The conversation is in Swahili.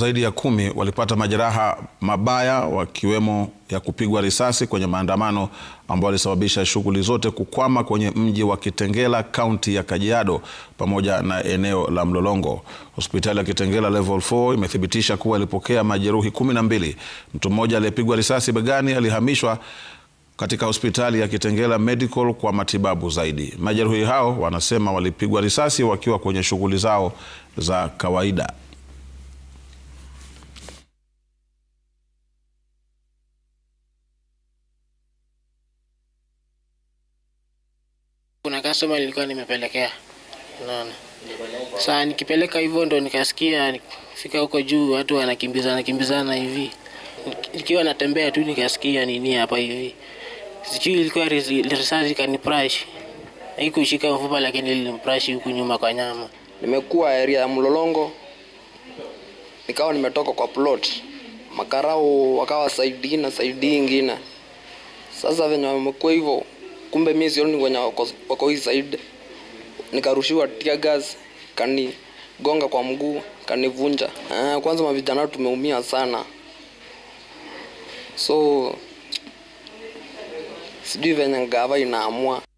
Zaidi ya kumi walipata majeraha mabaya wakiwemo ya kupigwa risasi kwenye maandamano ambayo yalisababisha shughuli zote kukwama kwenye mji wa Kitengela, kaunti ya Kajiado pamoja na eneo la Mlolongo. Hospitali ya Kitengela Level 4 imethibitisha kuwa ilipokea majeruhi kumi na mbili. Mtu mmoja aliyepigwa risasi begani alihamishwa katika hospitali ya Kitengela Medical kwa matibabu zaidi. Majeruhi hao wanasema walipigwa risasi wakiwa kwenye shughuli zao za kawaida. customer nilikuwa nimepelekea, unaona. saa nikipeleka hivyo ndo nikasikia, fika huko juu watu wanakimbizana kimbizana hivi, nikiwa natembea tu nikasikia nini hapa hivi, sijui ilikuwa risasi kaniprash, haikushika mfupa lakini ilimprash huku nyuma kwa nyama. Nimekuwa area ya Mlolongo, nikawa nimetoka kwa plot makarau wakawa saidi na saidi ingine. Sasa venye wamekuwa hivyo kumbe mi sioni wenye wako, hii side nikarushiwa tia gas kanigonga kwa mguu kanivunja eh, kwanza mavijana tumeumia sana so sijui venye gava inaamua